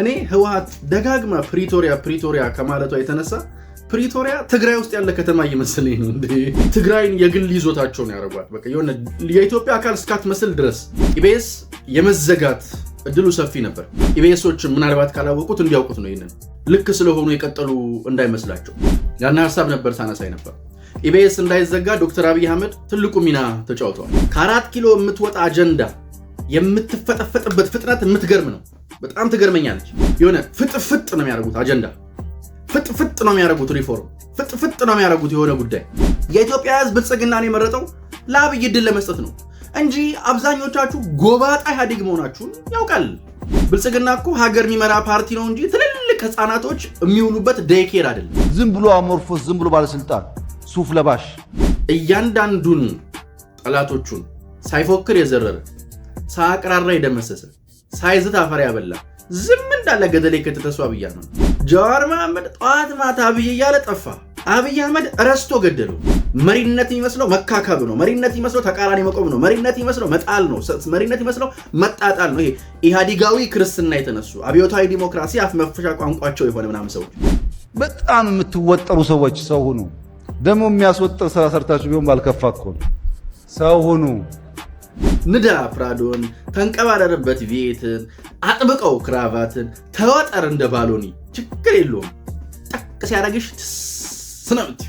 እኔ ህወሀት ደጋግማ ፕሪቶሪያ ፕሪቶሪያ ከማለቷ የተነሳ ፕሪቶሪያ ትግራይ ውስጥ ያለ ከተማ እየመሰለኝ ነው። እንደ ትግራይን የግል ይዞታቸውን ያደርጓል። በቃ የሆነ የኢትዮጵያ አካል እስካትመስል ድረስ ኢቤስ የመዘጋት እድሉ ሰፊ ነበር። ኢቢኤሶችም ምናልባት ካላወቁት እንዲያውቁት ነው። ይህንን ልክ ስለሆኑ የቀጠሉ እንዳይመስላቸው ያን ሀሳብ ነበር ሳነሳይ ነበር። ኢቤስ እንዳይዘጋ ዶክተር አብይ አህመድ ትልቁ ሚና ተጫውተዋል። ከአራት ኪሎ የምትወጣ አጀንዳ የምትፈጠፈጥበት ፍጥነት የምትገርም ነው። በጣም ትገርመኛለች። የሆነ ፍጥፍጥ ነው የሚያደርጉት አጀንዳ፣ ፍጥፍጥ ነው የሚያደርጉት ሪፎርም፣ ፍጥፍጥ ነው የሚያደርጉት የሆነ ጉዳይ። የኢትዮጵያ ሕዝብ ብልጽግናን የመረጠው ለአብይ ድል ለመስጠት ነው እንጂ አብዛኞቻችሁ ጎባጣ ኢህአዴግ መሆናችሁን ያውቃል። ብልጽግና እኮ ሀገር የሚመራ ፓርቲ ነው እንጂ ትልልቅ ህፃናቶች የሚውሉበት ደይኬር አይደለም። ዝም ብሎ አሞርፎስ፣ ዝም ብሎ ባለስልጣን ሱፍ ለባሽ እያንዳንዱን ጠላቶቹን ሳይፎክር የዘረረ ሳቅራራ የደመሰሰ ሳይዝት አፈር ያበላ ዝም እንዳለ ገደል የከተተሱ አብይ አህመድ። ጀዋር መሐመድ ጠዋት ማታ አብይ እያለ ጠፋ። አብይ አህመድ ረስቶ ገደሉ። መሪነት የሚመስለው መካከብ ነው። መሪነት የሚመስለው ተቃራኒ መቆም ነው። መሪነት የሚመስለው መጣል ነው። መሪነት የሚመስለው መጣጣል ነው። ይሄ ኢህአዲጋዊ ክርስትና የተነሱ አብዮታዊ ዲሞክራሲ አፍ መፈሻ ቋንቋቸው የሆነ ምናምን ሰዎች በጣም የምትወጠሩ ሰዎች ሰው ሁኑ። ደግሞ የሚያስወጥር ስራ ሰርታችሁ ቢሆን ባልከፋ እኮ ነው። ሰው ሁኑ። ንዳ ፍራዶን፣ ተንቀባረርበት ቪኤትን፣ አጥብቀው ክራቫትን፣ ተወጠር እንደ ባሎኒ ችግር የለውም። ጠቅ ሲያደርግሽ ትስስነምት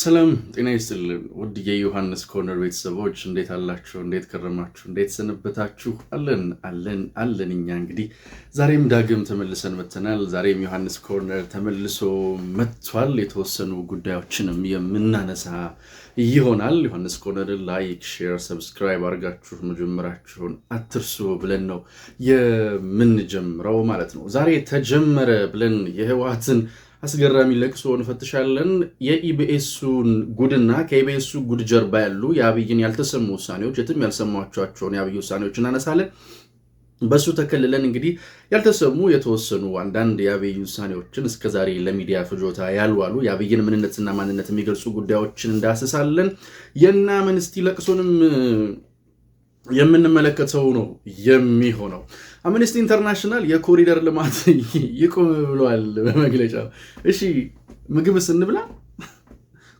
ሰላም ጤና ይስጥልን ውድ የዮሐንስ ኮርነር ቤተሰቦች እንዴት አላችሁ? እንዴት ከረማችሁ? እንዴት ሰነበታችሁ? አለን አለን አለን። እኛ እንግዲህ ዛሬም ዳግም ተመልሰን መጥተናል። ዛሬም ዮሐንስ ኮርነር ተመልሶ መጥቷል። የተወሰኑ ጉዳዮችንም የምናነሳ ይሆናል። ዮሐንስ ኮርነር ላይክ፣ ሼር፣ ሰብስክራይብ አድርጋችሁ መጀመራችሁን አትርሱ ብለን ነው የምንጀምረው ማለት ነው። ዛሬ ተጀመረ ብለን የህወሓትን አስገራሚ ለቅሶ እንፈትሻለን። የኢቢኤሱን ጉድና ከኢቢኤሱ ጉድ ጀርባ ያሉ የአብይን ያልተሰሙ ውሳኔዎች፣ የትም ያልሰማቸቸውን የአብይ ውሳኔዎች እናነሳለን። በእሱ ተከልለን እንግዲህ ያልተሰሙ የተወሰኑ አንዳንድ የአብይ ውሳኔዎችን እስከዛሬ ለሚዲያ ፍጆታ ያልዋሉ የአብይን ምንነትና ማንነት የሚገልጹ ጉዳዮችን እንዳስሳለን። የእነ አመንስቲ ለቅሶንም የምንመለከተው ነው የሚሆነው። አምነስቲ ኢንተርናሽናል የኮሪደር ልማት ይቁም ብሏል በመግለጫ። እሺ ምግብ ስንብላ፣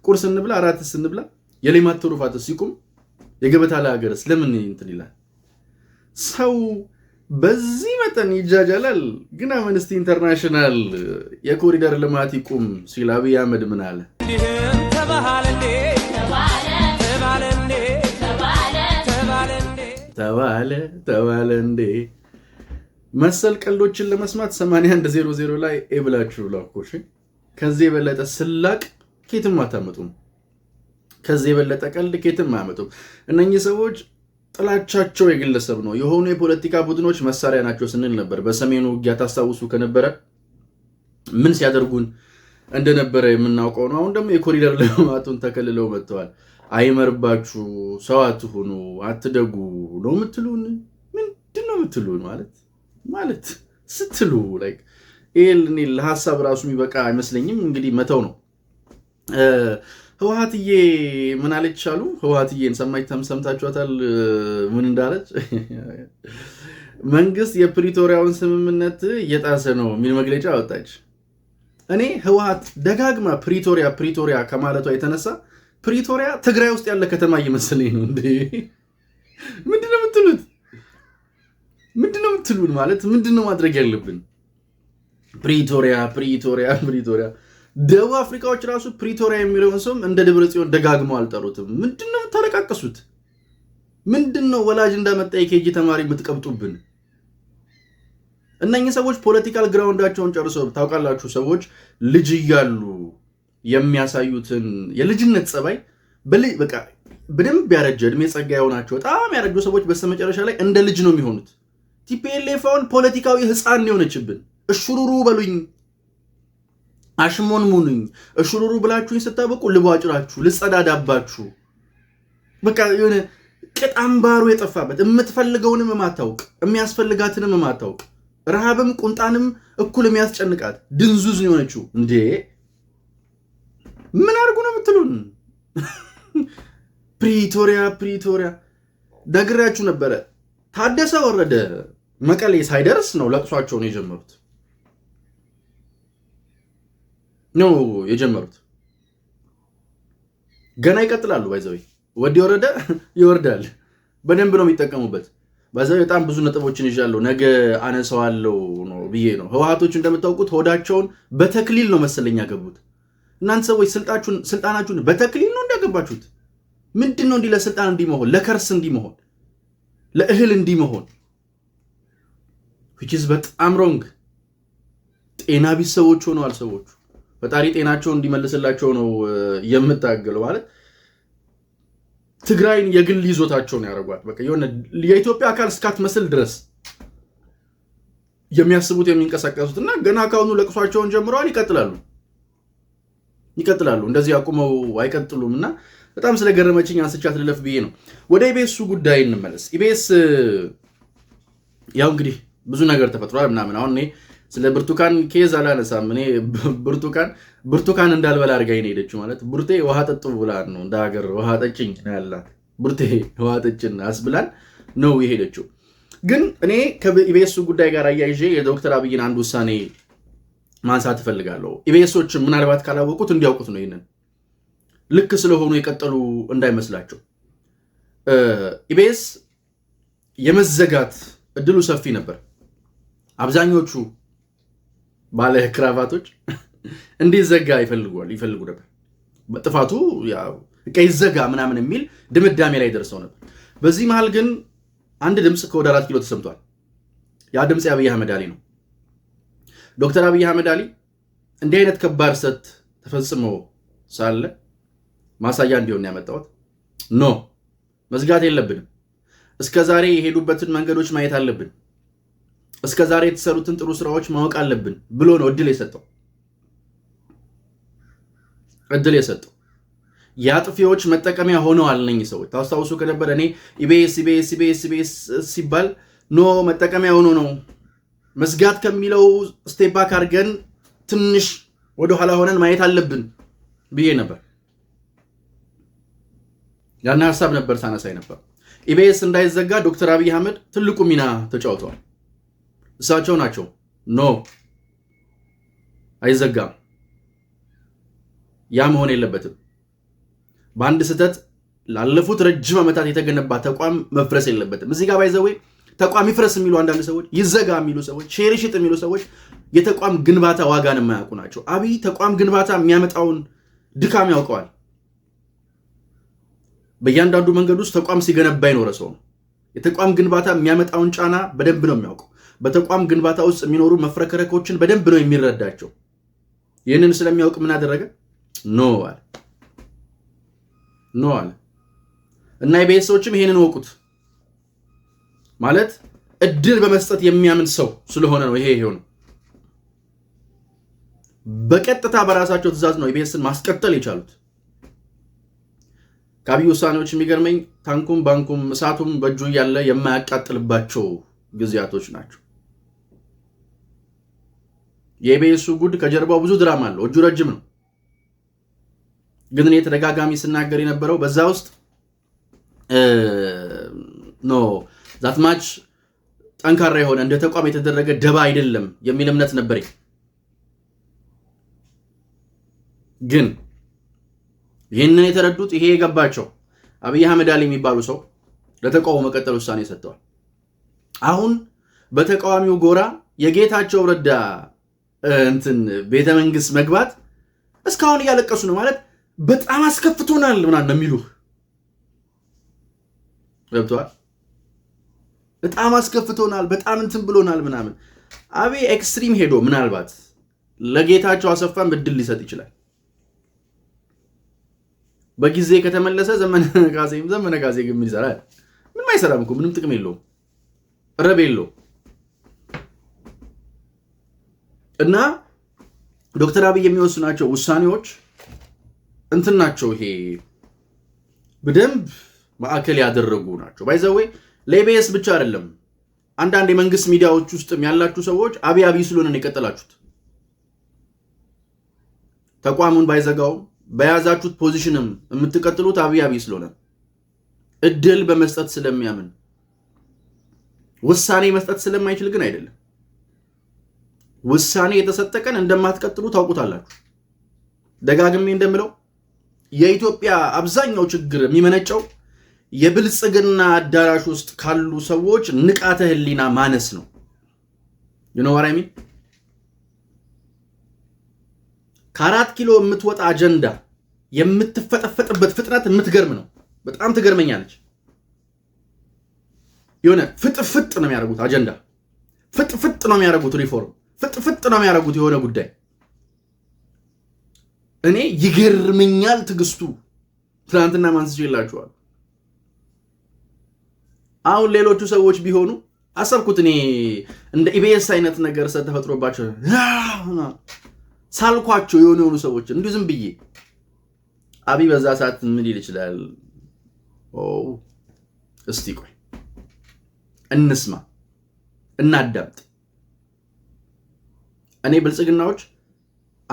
ቁርስ ስንብላ፣ እራት ስንብላ የሌማት ትሩፋትስ ሲቁም የገበታ ለሀገርስ ለምን እንትን ይላል? ሰው በዚህ መጠን ይጃጃላል። ግን አምነስቲ ኢንተርናሽናል የኮሪደር ልማት ይቁም ሲል አብይ አህመድ ምን አለ? ተባለ ተባለ እንዴ መሰል ቀልዶችን ለመስማት 8100 ላይ ኤብላችሁ ላኮሽ። ከዚህ የበለጠ ስላቅ ኬትም አታመጡም። ከዚህ የበለጠ ቀልድ ኬትም አያመጡም። እነኚህ ሰዎች ጥላቻቸው የግለሰብ ነው። የሆኑ የፖለቲካ ቡድኖች መሳሪያ ናቸው ስንል ነበር። በሰሜኑ ውጊያ ታስታውሱ ከነበረ ምን ሲያደርጉን እንደነበረ የምናውቀው ነው። አሁን ደግሞ የኮሪደር ልማቱን ተከልለው መጥተዋል። አይመርባችሁ፣ ሰው አትሁኑ፣ አትደጉ ነው የምትሉን? ምንድን ነው የምትሉ? ማለት ማለት ስትሉ ይህ ለሀሳብ ራሱ የሚበቃ አይመስለኝም። እንግዲህ መተው ነው። ህወሀትዬ ምን አለች አሉ። ህወሀትዬን ሰምታችኋታል? ምን እንዳለች መንግስት የፕሪቶሪያውን ስምምነት እየጣሰ ነው የሚል መግለጫ አወጣች። እኔ ህወሀት ደጋግማ ፕሪቶሪያ ፕሪቶሪያ ከማለቷ የተነሳ ፕሪቶሪያ ትግራይ ውስጥ ያለ ከተማ እየመሰለኝ ነው እንዴ! ምንድነው የምትሉት? ምንድነው የምትሉን? ማለት ምንድነው ማድረግ ያለብን? ፕሪቶሪያ ፕሪቶሪያ ፕሪቶሪያ። ደቡብ አፍሪካዎች ራሱ ፕሪቶሪያ የሚለውን ስም እንደ ደብረ ጽዮን ደጋግመው አልጠሩትም። ምንድነው የምታለቃቅሱት? ምንድነው ወላጅ እንዳመጣ የኬጂ ተማሪ የምትቀብጡብን? እነኚህ ሰዎች ፖለቲካል ግራውንዳቸውን ጨርሰው ታውቃላችሁ። ሰዎች ልጅ እያሉ የሚያሳዩትን የልጅነት ጸባይ በቃ በደንብ ያረጀ እድሜ ጸጋ የሆናቸው በጣም ያረጁ ሰዎች በስተመጨረሻ ላይ እንደ ልጅ ነው የሚሆኑት። ቲፒኤልኤፍ ፖለቲካዊ ህፃን የሆነችብን እሹሩሩ በሉኝ፣ አሽሞን ሙኑኝ፣ እሹሩሩ ብላችሁኝ ስታበቁ ልቧጭራችሁ፣ ልጸዳዳባችሁ በቃ የሆነ ቅጥ አምባሩ የጠፋበት የምትፈልገውንም የማታውቅ የሚያስፈልጋትንም የማታውቅ ረሃብም ቁንጣንም እኩል የሚያስጨንቃት ድንዙዝ የሆነችው እንዴ ምን አድርጉ ነው የምትሉን? ፕሪቶሪያ ፕሪቶሪያ ደግሬያችሁ ነበረ። ታደሰ ወረደ መቀሌ ሳይደርስ ነው ለቅሷቸውን የጀመሩት ነው የጀመሩት። ገና ይቀጥላሉ። ባይዘዌ ወዲ ወረደ ይወርዳል። በደንብ ነው የሚጠቀሙበት። ባይዘዌ በጣም ብዙ ነጥቦችን ይዣለሁ፣ ነገ አነሳዋለሁ ነው ብዬ ነው። ህወሓቶች እንደምታውቁት ሆዳቸውን በተክሊል ነው መሰለኝ ያገቡት። እናንተ ሰዎች ስልጣናችሁን በተክሊል ነው እንዲያገባችሁት። ምንድን ነው እንዲህ ለስልጣን እንዲመሆን ለከርስ እንዲመሆን ለእህል እንዲመሆን መሆን ዊችዝ በጣም ሮንግ። ጤና ቢስ ሰዎች ሆነዋል ሰዎቹ። ፈጣሪ ጤናቸውን እንዲመልስላቸው ነው የምታገለው ማለት ትግራይን የግል ይዞታቸውን ያደርጓል። በቃ የሆነ የኢትዮጵያ አካል እስካትመስል ድረስ የሚያስቡት የሚንቀሳቀሱት እና ገና ካሁኑ ለቅሷቸውን ጀምረዋል፣ ይቀጥላሉ። ይቀጥላሉ። እንደዚህ አቁመው አይቀጥሉም እና በጣም ስለገረመችኝ አንስቻት ልለፍ ብዬ ነው። ወደ ኢቤሱ ጉዳይ እንመለስ። ኢቤስ ያው እንግዲህ ብዙ ነገር ተፈጥሯል ምናምን። አሁን እኔ ስለ ብርቱካን ኬዝ አላነሳም። እኔ ብርቱካን ብርቱካን እንዳልበላ አድርጋኝ ነው ሄደችው። ማለት ቡርቴ ውሃ ጠጡ ብላን ነው እንደ ሀገር ውሃ ጠጭኝ ነው ያላት ቡርቴ ውሃ ጠጭን አስብላን ነው የሄደችው። ግን እኔ ከኢቤሱ ጉዳይ ጋር አያይዤ የዶክተር አብይን አንድ ውሳኔ ማንሳት እፈልጋለሁ። ኢቢኤሶች ምናልባት ካላወቁት እንዲያውቁት ነው። ይህንን ልክ ስለሆኑ የቀጠሉ እንዳይመስላቸው። ኢቢኤስ የመዘጋት እድሉ ሰፊ ነበር። አብዛኞቹ ባለ ክራቫቶች እንዲዘጋ ይፈልጓል ይፈልጉ ነበር። ጥፋቱ ይዘጋ ምናምን የሚል ድምዳሜ ላይ ደርሰው ነበር። በዚህ መሀል ግን አንድ ድምፅ ከወደ አራት ኪሎ ተሰምቷል። ያ ድምፅ የአብይ አህመድ አሊ ነው። ዶክተር አብይ አህመድ አሊ እንዲህ አይነት ከባድ ሰት ተፈጽሞ ሳለ ማሳያ እንዲሆን ያመጣሁት ኖ መዝጋት የለብንም። እስከ ዛሬ የሄዱበትን መንገዶች ማየት አለብን። እስከ ዛሬ የተሰሩትን ጥሩ ስራዎች ማወቅ አለብን ብሎ ነው እድል የሰጠው እድል የሰጠው የአጥፊዎች መጠቀሚያ ሆነዋል ነኝ ሰዎች። ታስታውሱ ከነበረ እኔ ኢቤስ ኢቤስ ኢቤስ ኢቤስ ሲባል ኖ መጠቀሚያ ሆኖ ነው መዝጋት ከሚለው ስቴባክ ባክ አድርገን ትንሽ ወደኋላ ሆነን ማየት አለብን ብዬ ነበር። ያን ሀሳብ ነበር ሳነሳይ ነበር። ኢቢኤስ እንዳይዘጋ ዶክተር አብይ አህመድ ትልቁ ሚና ተጫውተዋል። እሳቸው ናቸው ኖ አይዘጋም፣ ያ መሆን የለበትም በአንድ ስህተት ላለፉት ረጅም ዓመታት የተገነባ ተቋም መፍረስ የለበትም። እዚህ ጋር ባይዘዌ ተቋም ይፍረስ የሚሉ አንዳንድ ሰዎች፣ ይዘጋ የሚሉ ሰዎች፣ ሼር የሚሉ ሰዎች የተቋም ግንባታ ዋጋን የማያውቁ ናቸው። አብይ ተቋም ግንባታ የሚያመጣውን ድካም ያውቀዋል። በእያንዳንዱ መንገድ ውስጥ ተቋም ሲገነባ ይኖረ ሰው ነው። የተቋም ግንባታ የሚያመጣውን ጫና በደንብ ነው የሚያውቀው። በተቋም ግንባታ ውስጥ የሚኖሩ መፍረከረኮችን በደንብ ነው የሚረዳቸው። ይህንን ስለሚያውቅ ምን አደረገ? ኖ አለ ኖ አለ እና የቤት ይህንን ይሄንን ወቁት። ማለት እድል በመስጠት የሚያምን ሰው ስለሆነ ነው። ይሄ ይሄው ነው። በቀጥታ በራሳቸው ትዕዛዝ ነው ኢቢኤስን ማስቀጠል የቻሉት። ከአብይ ውሳኔዎች የሚገርመኝ ታንኩም ባንኩም እሳቱም በእጁ እያለ የማያቃጥልባቸው ጊዜያቶች ናቸው። የኢቢኤሱ ጉድ ከጀርባው ብዙ ድራማ አለው። እጁ ረጅም ነው። ግን እኔ ተደጋጋሚ ስናገር የነበረው በዛ ውስጥ ነው። ዛትማች ጠንካራ የሆነ እንደ ተቋም የተደረገ ደባ አይደለም የሚል እምነት ነበረኝ። ግን ይህንን የተረዱት ይሄ የገባቸው አብይ አህመድ አሊ የሚባሉ ሰው ለተቃውሞ መቀጠል ውሳኔ ሰጥተዋል። አሁን በተቃዋሚው ጎራ የጌታቸው ረዳ እንትን ቤተ መንግስት መግባት እስካሁን እያለቀሱ ነው ማለት በጣም አስከፍቶናል ምናምን የሚሉህ ገብተዋል። በጣም አስከፍቶናል፣ በጣም እንትን ብሎናል ምናምን። አቤ ኤክስትሪም ሄዶ ምናልባት ለጌታቸው አሰፋም እድል ሊሰጥ ይችላል። በጊዜ ከተመለሰ ዘመነ ካሴ ግን ምን ይሰራል? ምንም አይሰራም እኮ ምንም ጥቅም የለውም፣ ረብ የለውም። እና ዶክተር አብይ የሚወስናቸው ውሳኔዎች እንትን ናቸው። ይሄ በደንብ ማዕከል ያደረጉ ናቸው ባይዘወይ ለኢቢኤስ ብቻ አይደለም፣ አንዳንድ የመንግስት ሚዲያዎች ውስጥም ያላችሁ ሰዎች አብይ አብይ ስለሆነ ነው የቀጠላችሁት። ተቋሙን ባይዘጋው በያዛችሁት ፖዚሽንም የምትቀጥሉት አብይ አብይ ስለሆነ እድል በመስጠት ስለሚያምን ውሳኔ መስጠት ስለማይችል ግን አይደለም። ውሳኔ የተሰጠ ቀን እንደማትቀጥሉ ታውቁታላችሁ። ደጋግሜ እንደምለው የኢትዮጵያ አብዛኛው ችግር የሚመነጨው የብልጽግና አዳራሽ ውስጥ ካሉ ሰዎች ንቃተ ህሊና ማነስ ነው። ዩኖዋራሚ ከአራት ኪሎ የምትወጣ አጀንዳ የምትፈጠፈጥበት ፍጥነት የምትገርም ነው። በጣም ትገርመኛለች። የሆነ ፍጥፍጥ ነው የሚያደርጉት አጀንዳ፣ ፍጥፍጥ ነው የሚያደርጉት ሪፎርም፣ ፍጥፍጥ ነው የሚያደርጉት የሆነ ጉዳይ። እኔ ይገርመኛል ትዕግስቱ። ትናንትና ማንስ ይላችኋል አሁን ሌሎቹ ሰዎች ቢሆኑ አሰብኩት። እኔ እንደ ኢቢኤስ አይነት ነገር ተፈጥሮባቸው ሳልኳቸው የሆኑ የሆኑ ሰዎች እንዲሁ ዝም ብዬ አቢ በዛ ሰዓት ምን ሊል ይችላል? እስቲ ቆይ እንስማ፣ እናዳምጥ። እኔ ብልጽግናዎች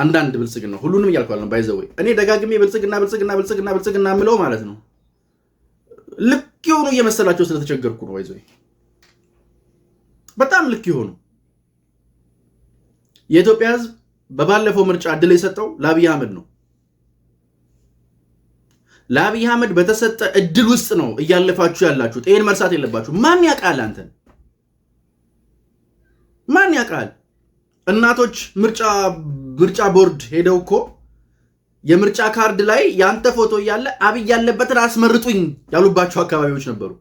አንዳንድ ብልጽግና ሁሉንም እያልኳል ነው ባይዘወይ እኔ ደጋግሜ ብልጽግና ብልጽግና ብልጽግና ብልጽግና ምለው ማለት ነው ልክ የሆኑ እየመሰላቸው ስለተቸገርኩ ነው። ይዞ በጣም ልክ የሆኑ የኢትዮጵያ ህዝብ በባለፈው ምርጫ እድል የሰጠው ለአብይ አህመድ ነው። ለአብይ አህመድ በተሰጠ እድል ውስጥ ነው እያለፋችሁ ያላችሁ። ይህን መርሳት የለባችሁ። ማን ያውቃል? አንተን ማን ያውቃል? እናቶች ምርጫ ምርጫ ቦርድ ሄደው እኮ የምርጫ ካርድ ላይ ያንተ ፎቶ እያለ አብይ ያለበትን አስመርጡኝ ያሉባቸው አካባቢዎች ነበሩ።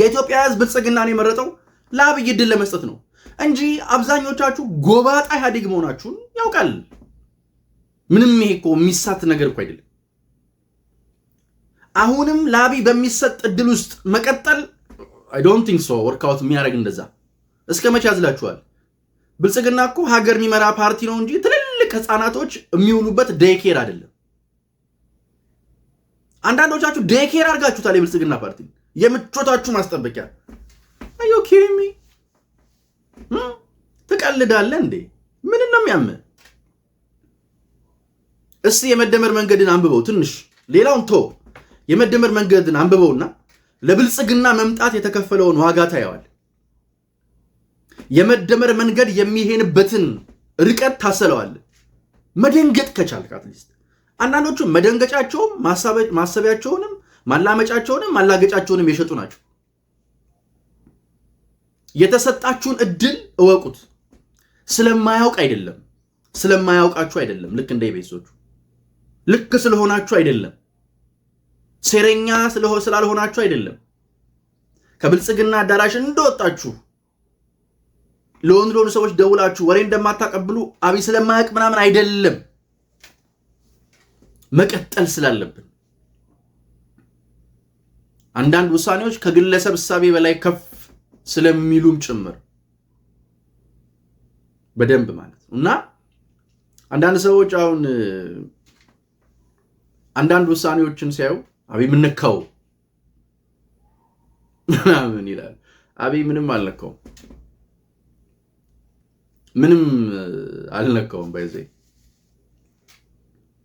የኢትዮጵያ ህዝብ ብልጽግናን የመረጠው ለአብይ ድል ለመስጠት ነው እንጂ አብዛኞቻችሁ ጎባጣ ኢህአዴግ መሆናችሁን ያውቃል። ምንም ይሄ እኮ የሚሳት ነገር እኮ አይደለም። አሁንም ለአብይ በሚሰጥ እድል ውስጥ መቀጠል አይ ዶንት ቲንክ ሶ ወርክአውት የሚያደርግ እንደዛ እስከ መቼ ያዝላችኋል? ብልጽግና እኮ ሀገር የሚመራ ፓርቲ ነው እንጂ ህፃናቶች የሚውሉበት ዴኬር አይደለም። አንዳንዶቻችሁ ዴኬር አድርጋችሁታል። የብልጽግና ፓርቲ የምቾታችሁ ማስጠበቂያ አዮ ኪሪሚ ትቀልዳለ እንዴ? ምን ነው የሚያመ? እስቲ የመደመር መንገድን አንብበው ትንሽ ሌላውን ቶ የመደመር መንገድን አንብበውና ለብልጽግና መምጣት የተከፈለውን ዋጋ ታየዋል። የመደመር መንገድ የሚሄንበትን ርቀት ታሰለዋል። መደንገጥ ከቻልክ አትሊስት አንዳንዶቹ መደንገጫቸውም ማሰቢያቸውንም ማላመጫቸውንም ማላገጫቸውንም የሸጡ ናቸው። የተሰጣችሁን እድል እወቁት። ስለማያውቅ አይደለም፣ ስለማያውቃችሁ አይደለም። ልክ እንደ ቤሶቹ ልክ ስለሆናችሁ አይደለም፣ ሴረኛ ስላልሆናችሁ አይደለም። ከብልጽግና አዳራሽ እንደወጣችሁ ለወንድ ለሆኑ ሰዎች ደውላችሁ ወሬ እንደማታቀብሉ አብይ ስለማያውቅ ምናምን አይደለም፣ መቀጠል ስላለብን አንዳንድ ውሳኔዎች ከግለሰብ እሳቤ በላይ ከፍ ስለሚሉም ጭምር በደንብ ማለት ነው እና አንዳንድ ሰዎች አሁን አንዳንድ ውሳኔዎችን ሲያዩ አብይ ምንካው ምናምን ይላል። አብይ ምንም አልነካውም። ምንም አልነካውም። ባይዜ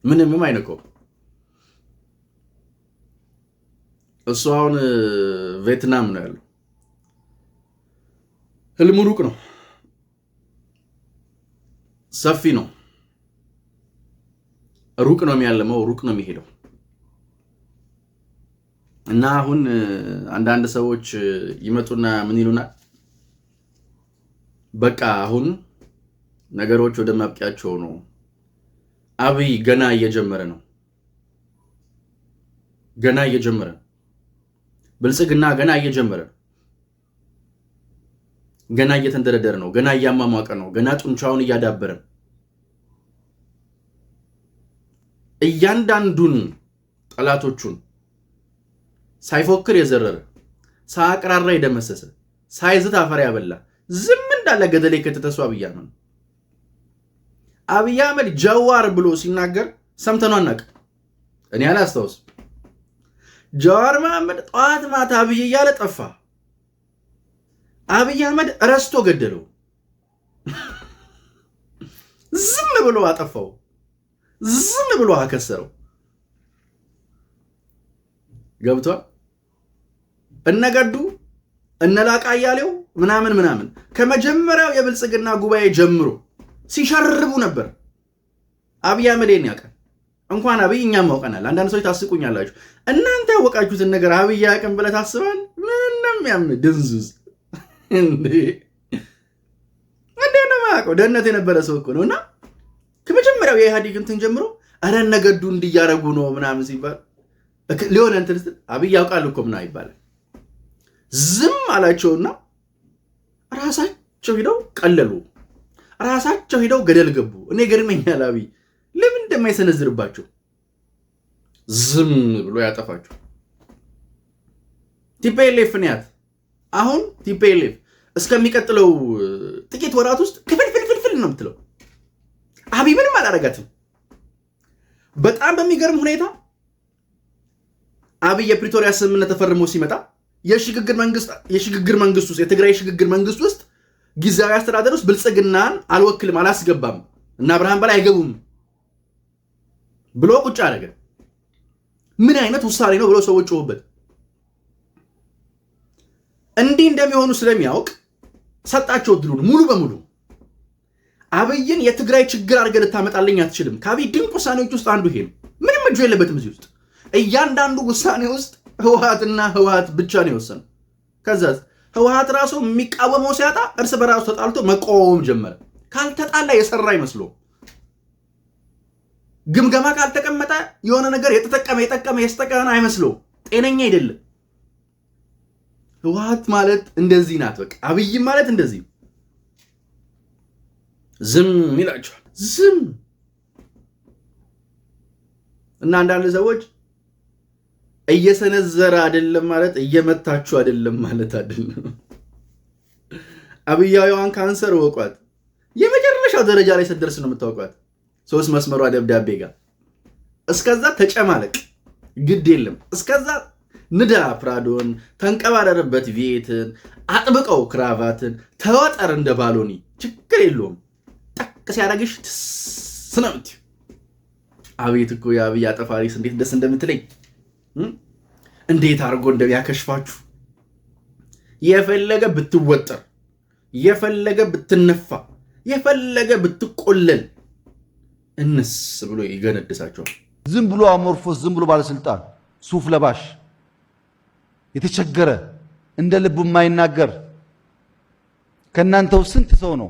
ምንምም አይነካውም። እሱ አሁን ቬትናም ነው ያለው። ህልሙ ሩቅ ነው፣ ሰፊ ነው፣ ሩቅ ነው የሚያለመው፣ ሩቅ ነው የሚሄደው እና አሁን አንዳንድ ሰዎች ይመጡና ምን ይሉናል በቃ አሁን ነገሮች ወደ ማብቂያቸው ነው። አብይ ገና እየጀመረ ነው። ገና እየጀመረ ብልጽግና ገና እየጀመረ ገና እየተንደረደረ ነው። ገና እያሟሟቀ ነው። ገና ጡንቻውን እያዳበረ እያንዳንዱን ጠላቶቹን ሳይፎክር የዘረረ ሳያቅራራ የደመሰሰ ሳይዝት አፈር ያበላ ዝም እንዳለ ገደሌ ከተተሷ ብያ ነው። አብይ አህመድ ጀዋር ብሎ ሲናገር ሰምተን አናውቅም። እኔ አላስታውስም። ጀዋር መሐመድ ጠዋት ማታ አብይ እያለ ጠፋ። አብይ አህመድ ረስቶ ገደለው። ዝም ብሎ አጠፋው። ዝም ብሎ አከሰረው። ገብቷል። እነገዱ እነላቃ እያሌው ምናምን ምናምን ከመጀመሪያው የብልጽግና ጉባኤ ጀምሮ ሲሸርቡ ነበር። አብይ አህመድን ያውቃል። እንኳን አብይ እኛም ያውቀናል። አንዳንድ ሰዎች ታስቁኛላችሁ። እናንተ ያወቃችሁትን ነገር አብይ ያውቅም ብለህ ታስባል። ምንም ያም ድንዙዝ እንዴ ነው የማያውቀው ደህንነት የነበረ ሰው እኮ ነው። እና ከመጀመሪያው የኢህአዴግ እንትን ጀምሮ ኧረ እነ ገዱ እንዲያረጉ ነው ምናምን ሲባል ሊሆነ እንትን ስትል አብይ ያውቃል እኮ ምና ይባላል። ዝም አላቸውና ራሳቸው ሂደው ቀለሉ። ራሳቸው ሄደው ገደል ገቡ። እኔ ገርመኛል አብይ ለምን እንደማይሰነዝርባቸው ዝም ብሎ ያጠፋቸው። ቲፒኤልኤፍ ንያት አሁን ቲፒኤልኤፍ እስከሚቀጥለው ጥቂት ወራት ውስጥ ክፍልፍልፍልፍል ነው የምትለው። አብይ ምንም አላረጋትም። በጣም በሚገርም ሁኔታ አብይ የፕሪቶሪያ ስምምነት ተፈርሞ ሲመጣ የሽግግር መንግስት የሽግግር መንግስት ውስጥ የትግራይ ሽግግር መንግስት ውስጥ ጊዜያዊ አስተዳደር ውስጥ ብልጽግናን አልወክልም አላስገባም እና ብርሃን በላይ አይገቡም ብሎ ቁጭ አደረገ። ምን አይነት ውሳኔ ነው ብሎ ሰዎች ጮሁበት። እንዲህ እንደሚሆኑ ስለሚያውቅ ሰጣቸው እድሉን ሙሉ በሙሉ አብይን የትግራይ ችግር አድርገህ ልታመጣልኝ አትችልም። ከአብይ ድንቅ ውሳኔዎች ውስጥ አንዱ ይሄ ነው። ምንም እጁ የለበትም እዚህ ውስጥ እያንዳንዱ ውሳኔ ውስጥ ህውሃትና ህውሃት ብቻ ነው የወሰነው። ከዛ ህወሀት ራሱ የሚቃወመው ሲያጣ እርስ በራሱ ተጣልቶ መቃወም ጀመረ። ካልተጣላ የሰራ አይመስሎም። ግምገማ ካልተቀመጠ የሆነ ነገር የተጠቀመ የጠቀመ የስጠቀመን አይመስለውም። ጤነኛ አይደለም። ህወሀት ማለት እንደዚህ ናት። በቃ አብይም ማለት እንደዚህ ዝም ይላቸዋል። ዝም እና አንዳንድ ሰዎች እየሰነዘረ አይደለም ማለት እየመታችሁ አይደለም ማለት አይደለም። አብያዊዋን ካንሰር ወቋት የመጨረሻው ደረጃ ላይ ስትደርስ ነው የምታውቋት። ሶስት መስመሯ ደብዳቤ ጋር እስከዛ ተጨማለቅ ግድ የለም። እስከዛ ንዳ ፍራዶን፣ ተንቀባረርበት ቪየትን፣ አጥብቀው ክራቫትን፣ ተወጠር እንደ ባሎኒ ችግር የለውም። ጠቅ ሲያደርግሽ ትስስነምት አቤት እኮ የአብይ አጠፋሪስ እንዴት ደስ እንደምትለኝ እንዴት አድርጎ እንደሚያከሽፋችሁ የፈለገ ብትወጠር፣ የፈለገ ብትነፋ፣ የፈለገ ብትቆለል እንስ ብሎ ይገነድሳቸዋል። ዝም ብሎ አሞርፎስ፣ ዝም ብሎ ባለስልጣን፣ ሱፍ ለባሽ፣ የተቸገረ እንደ ልቡ የማይናገር ከእናንተው ስንት ሰው ነው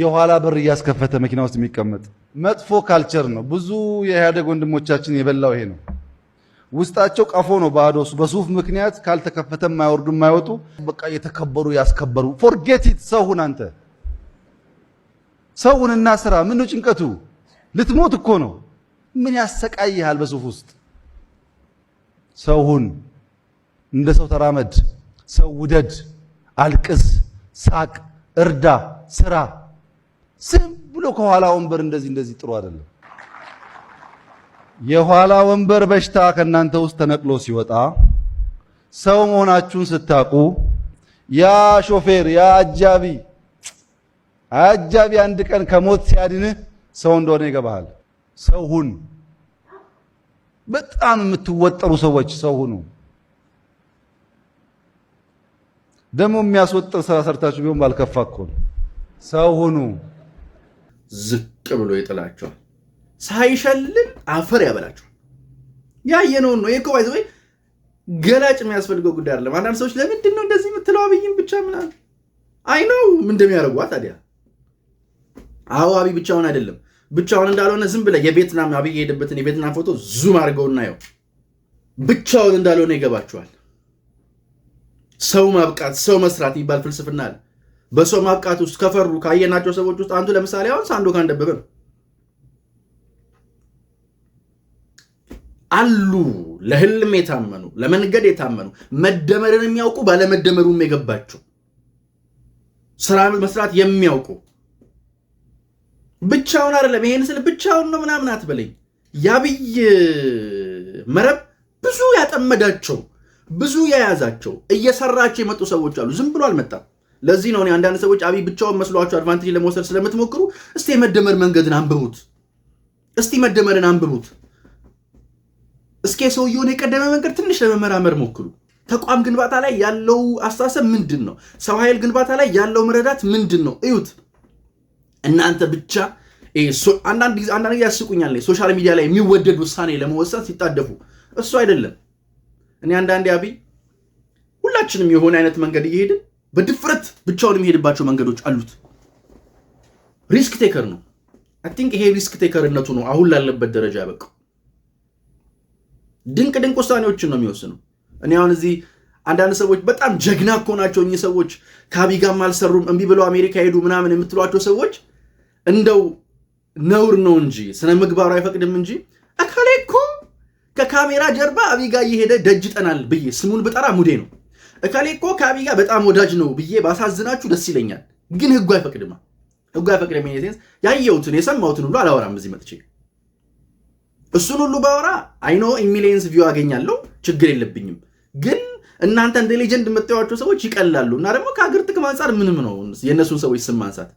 የኋላ በር እያስከፈተ መኪና ውስጥ የሚቀመጥ? መጥፎ ካልቸር ነው። ብዙ የኢህአደግ ወንድሞቻችን የበላው ይሄ ነው። ውስጣቸው ቀፎ ነው ባዶ። በሱፍ ምክንያት ካልተከፈተ የማይወርዱ የማይወጡ በቃ የተከበሩ ያስከበሩ። ፎርጌት ኢት አንተ ሰውንና ስራ። ምን ነው ጭንቀቱ? ልትሞት እኮ ነው። ምን ያሰቃይሃል? በሱፍ ውስጥ ሰውን እንደ ሰው ተራመድ፣ ሰው ውደድ፣ አልቅስ፣ ሳቅ፣ እርዳ፣ ስራ። ስም ብሎ ከኋላ ወንበር እንደዚህ እንደዚህ ጥሩ አይደለም። የኋላ ወንበር በሽታ ከእናንተ ውስጥ ተነቅሎ ሲወጣ ሰው መሆናችሁን ስታቁ ያ ሾፌር ያ አጃቢ አጃቢ አንድ ቀን ከሞት ሲያድንህ ሰው እንደሆነ ይገባሃል። ሰው ሁን። በጣም የምትወጠሩ ሰዎች ሰው ሁኑ። ደግሞ የሚያስወጥር ስራ ሰርታችሁ ቢሆን ባልከፋ እኮ ነው። ሰው ሁኑ። ዝቅ ብሎ ይጥላቸዋል። ሳይሸልል አፈር ያበላቸዋል። ያየነውን ነው። ይህ ባይዘ ገላጭ የሚያስፈልገው ጉዳይ አይደለም። አንዳንድ ሰዎች ለምንድን ነው እንደዚህ የምትለው አብይን ብቻ ምናምን አይነው እንደሚያደርጓ ታዲያ አዎ አብይ ብቻውን አይደለም። ብቻውን እንዳልሆነ ዝም ብለህ የቬትናም አብይ የሄደበትን የቬትናም ፎቶ ዙም አድርገው እናየው። ብቻውን እንዳልሆነ ይገባችኋል። ሰው ማብቃት ሰው መስራት የሚባል ፍልስፍና አለ። በሰው ማብቃት ውስጥ ከፈሩ ካየናቸው ሰዎች ውስጥ አንዱ ለምሳሌ አሁን ሳንዶካን ደበበ ነው። አሉ ለህልም የታመኑ ለመንገድ የታመኑ መደመርን የሚያውቁ ባለመደመሩም የገባቸው ስራ መስራት የሚያውቁ ብቻውን አይደለም። ይሄን ስል ብቻውን ነው ምናምን አትበለኝ። የአብይ መረብ ብዙ ያጠመዳቸው ብዙ የያዛቸው እየሰራቸው የመጡ ሰዎች አሉ። ዝም ብሎ አልመጣም። ለዚህ ነው አንዳንድ ሰዎች አብይ ብቻውን መስሏቸው አድቫንቴጅ ለመውሰድ ስለምትሞክሩ እስቲ የመደመር መንገድን አንብቡት። እስቲ መደመርን አንብቡት። እስኪ የሰውየውን የቀደመ መንገድ ትንሽ ለመመራመር ሞክሩ። ተቋም ግንባታ ላይ ያለው አስተሳሰብ ምንድን ነው? ሰው ኃይል ግንባታ ላይ ያለው መረዳት ምንድን ነው? እዩት። እናንተ ብቻ አንዳንድ ጊዜ ያስቁኛል። ሶሻል ሚዲያ ላይ የሚወደድ ውሳኔ ለመወሰን ሲጣደፉ እሱ አይደለም። እኔ አንዳንዴ አብይ ሁላችንም የሆነ አይነት መንገድ እየሄድን በድፍረት ብቻውን የሚሄድባቸው መንገዶች አሉት። ሪስክ ቴከር ነው። አይ ቲንክ ይሄ ሪስክ ቴከርነቱ ነው አሁን ላለበት ደረጃ ያበቃው። ድንቅ ድንቅ ውሳኔዎችን ነው የሚወስነው። እኔ አሁን እዚህ አንዳንድ ሰዎች በጣም ጀግና እኮ ናቸው እኚህ ሰዎች ከአብይ ጋርም አልሰሩም እምቢ ብለው አሜሪካ ሄዱ ምናምን የምትሏቸው ሰዎች እንደው ነውር ነው እንጂ ስነ ምግባሩ አይፈቅድም እንጂ እከሌ እኮ ከካሜራ ጀርባ አብይ ጋር እየሄደ ደጅ ጠናል ብዬ ስሙን ብጠራ ሙዴ ነው። እከሌ እኮ ከአብይ ጋር በጣም ወዳጅ ነው ብዬ ባሳዝናችሁ ደስ ይለኛል፣ ግን ህጉ አይፈቅድማ። ህጉ አይፈቅድም። ያየሁትን የሰማሁትን ሁሉ አላወራም እዚህ መጥቼ እሱን ሁሉ ባወራ አይኖ ሚሊየንስ ቪው አገኛለሁ፣ ችግር የለብኝም። ግን እናንተ እንደ ሌጀንድ የምታዩዋቸው ሰዎች ይቀላሉ እና ደግሞ ከሀገር ጥቅም አንጻር ምንም ነው የእነሱን ሰዎች ስም ማንሳት።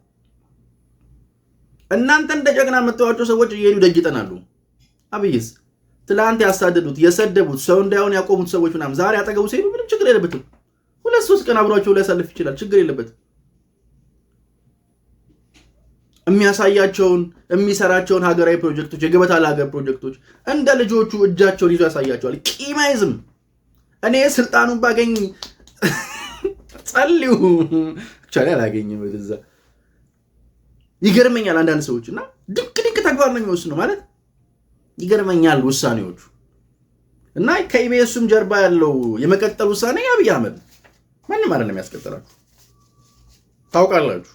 እናንተ እንደ ጀግና የምታዩዋቸው ሰዎች እየሄዱ ደጅ ይጠናሉ። አብይስ ትላንት ያሳደዱት የሰደቡት ሰው እንዳይሆን ያቆሙት ሰዎች ምናምን ዛሬ አጠገቡ ሲሄዱ ምንም ችግር የለበትም። ሁለት ሶስት ቀን አብሯቸው ሊያሳልፍ ይችላል። ችግር የለበትም። የሚያሳያቸውን የሚሰራቸውን ሀገራዊ ፕሮጀክቶች የገበታ ለሀገር ፕሮጀክቶች እንደ ልጆቹ እጃቸውን ይዞ ያሳያቸዋል። ቂማይዝም እኔ ስልጣኑን ባገኝ ጸልዩ ብቻ አላገኝ አላገኝም። ይገርመኛል አንዳንድ ሰዎች እና ድንቅ ድንቅ ተግባር ነው ነው ማለት ይገርመኛል ውሳኔዎቹ እና ከኢቢኤሱም ጀርባ ያለው የመቀጠል ውሳኔ አብይ አህመድ ማንም አይደለም ያስቀጠላችሁ ታውቃላችሁ።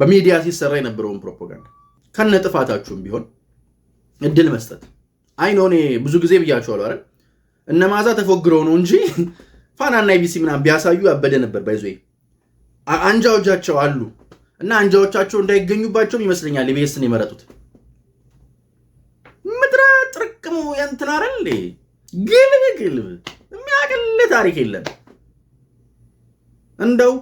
በሚዲያ ሲሰራ የነበረውን ፕሮፓጋንዳ ከነ ጥፋታችሁም ቢሆን እድል መስጠት አይ ነው። እኔ ብዙ ጊዜ ብያቸዋለሁ አይደል እነ ማዛ ተፎግረው ነው እንጂ ፋናና ኢቢሲ ምናምን ቢያሳዩ ያበደ ነበር። ባይዞ አንጃዎቻቸው አሉ እና አንጃዎቻቸው እንዳይገኙባቸውም ይመስለኛል ኢቢኤስን የመረጡት። ምድረ ጥርቅሙ የንትን አይደል ግልብ ግልብ የሚያቅል ታሪክ የለም እንደው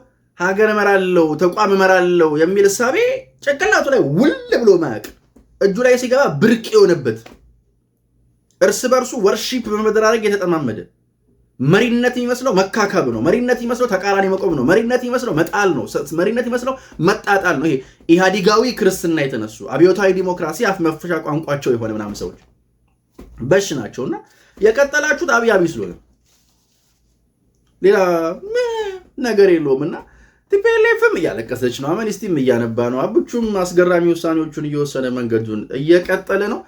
ሀገር እመራለሁ፣ ተቋም እመራለሁ የሚል እሳቤ ጭንቅላቱ ላይ ውል ብሎ ማያውቅ እጁ ላይ ሲገባ ብርቅ የሆነበት እርስ በእርሱ ወርሺፕ በመደራረግ የተጠማመደ መሪነት የሚመስለው መካከብ ነው። መሪነት የሚመስለው ተቃራኒ መቆም ነው። መሪነት የሚመስለው መጣል ነው። መሪነት የሚመስለው መጣጣል ነው። ይሄ ኢህአዲጋዊ ክርስትና የተነሱ አብዮታዊ ዲሞክራሲ አፍ መፈሻ ቋንቋቸው የሆነ ምናምን ሰዎች በሽ ናቸው እና የቀጠላችሁት አብይ አብይ ስለሆነ ሌላ ነገር የለውም እና ቲፒኤልኤፍም እያለቀሰች ነው። አምነስቲም እያነባ ነው። አቡቹም አስገራሚ ውሳኔዎቹን እየወሰነ መንገዱን እየቀጠለ ነው።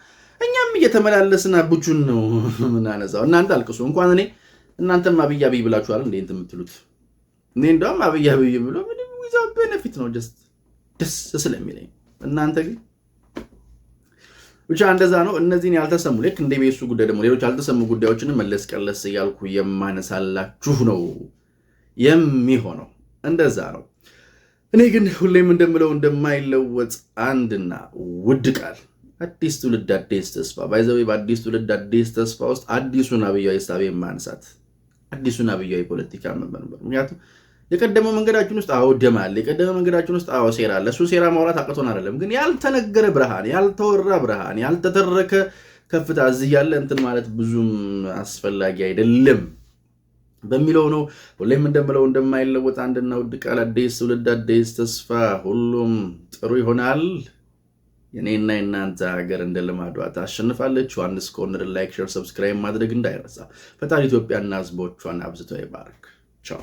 እኛም እየተመላለስን አቡቹን ነው ምናነሳው። እናንተ አልቅሱ እንኳን እኔ እናንተም አብይ አብይ ብላችኋል እንዴ እንትን የምትሉት እኔ እንደውም አብይ አብይ ብሎ ምንም ዊዛ ቤነፊት ነው ጀስት ደስ ስለሚለኝ እናንተ ግን ብቻ እንደዛ ነው። እነዚህን ያልተሰሙ ልክ እንደ ቤሱ ጉዳይ ደግሞ ሌሎች ያልተሰሙ ጉዳዮችን መለስ ቀለስ እያልኩ የማነሳላችሁ ነው የሚሆነው። እንደዛ ነው። እኔ ግን ሁሌም እንደምለው እንደማይለወጥ አንድና ውድ ቃል አዲስ ትውልድ አዲስ ተስፋ ባይዘዌ በአዲስ ትውልድ አዲስ ተስፋ ውስጥ አዲሱን አብያዊ ሳቤ ማንሳት አዲሱን አብያዊ ፖለቲካ መመርመር። ምክንያቱም የቀደመው መንገዳችን ውስጥ አዎ ደም አለ፣ የቀደመ መንገዳችን ውስጥ አዎ ሴራ አለ። እሱ ሴራ ማውራት አቅቶን አይደለም፣ ግን ያልተነገረ ብርሃን፣ ያልተወራ ብርሃን፣ ያልተተረከ ከፍታ እዚህ ያለ እንትን ማለት ብዙም አስፈላጊ አይደለም። በሚለው ነው። ሁሌም እንደምለው እንደማይለወጥ አንድና ውድ ቃል፣ አዲስ ትውልድ፣ አዲስ ተስፋ፣ ሁሉም ጥሩ ይሆናል። የኔና የናንተ ሀገር እንደ ልማዷ ታሸንፋለች። ዮሐንስ ኮርነር ላይክ፣ ሼር፣ ሰብስክራይብ ማድረግ እንዳይረሳ። ፈጣሪ ኢትዮጵያና ሕዝቦቿን አብዝቶ ይባርክ። ቻው